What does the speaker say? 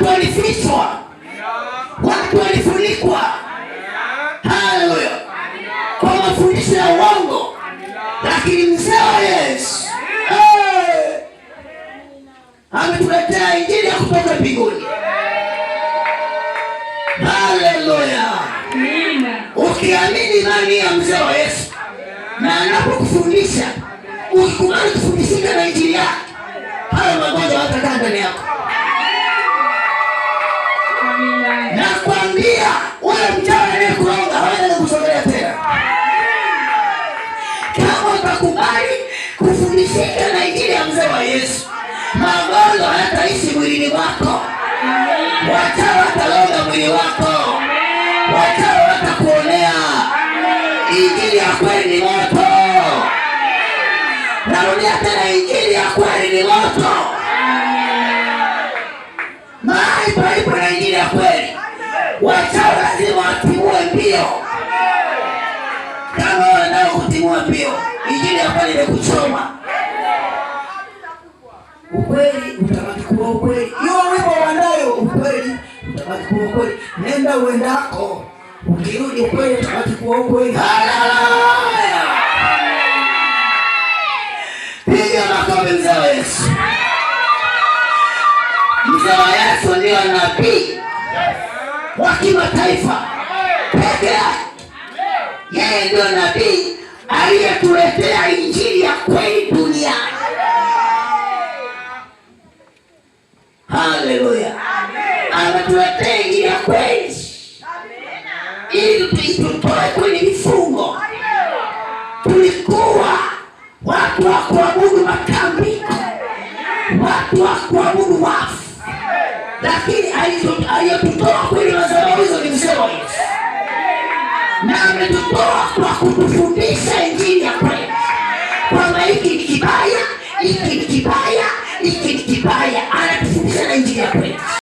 watu walifichwa, watu walifunikwa, haleluya, kwa mafundisho ya uongo, lakini mzee wa Yesu ametuletea injili ya kutoka mbinguni. Haleluya! Ukiamini imani ya mzee wa Yesu na anapokufundisha ukikubali kufundishika na injili yake, hayo magonjwa watakaa ndani yako. kukwambia wale mchawi aliyekuroga hawezi kukusogelea tena. Kama utakubali kufundishika na injili ya mzee wa Yesu, magonjwa hayataishi mwilini mwako. Wachawi wataroga mwili wako, wachawi watakuonea. Injili ya kweli ni moto. Narudia tena, injili ya kweli ni moto. wachawi lazima watimue mbio, kama wanaokutimua mbio, injili hapa imekuchoma ukweli, utabaki kuwa ukweli. Hiyo wimbo wanayo ukweli, utabaki kuwa ukweli. Nenda uendako, ukirudi ukweli, utabaki kuwa ukweli. Haleluya, piga makofi mzee wa Yesu. Mzee wa Yesu ndio nabii wa kimataifa peke yake. Yeye ndio nabii aliyetuletea injili ya kweli duniani. Haleluya, anatuletea injili ya kweli ili tuitoe kwenye mifungo. Tulikuwa watu wa kuabudu matambiko, watu wa kuabudu wao na ametutoa kwa kutufundisha injili ya kweli, kwamba hiki ni kibaya, hiki ni kibaya, hiki ni kibaya, anatufundisha na injili ya kweli.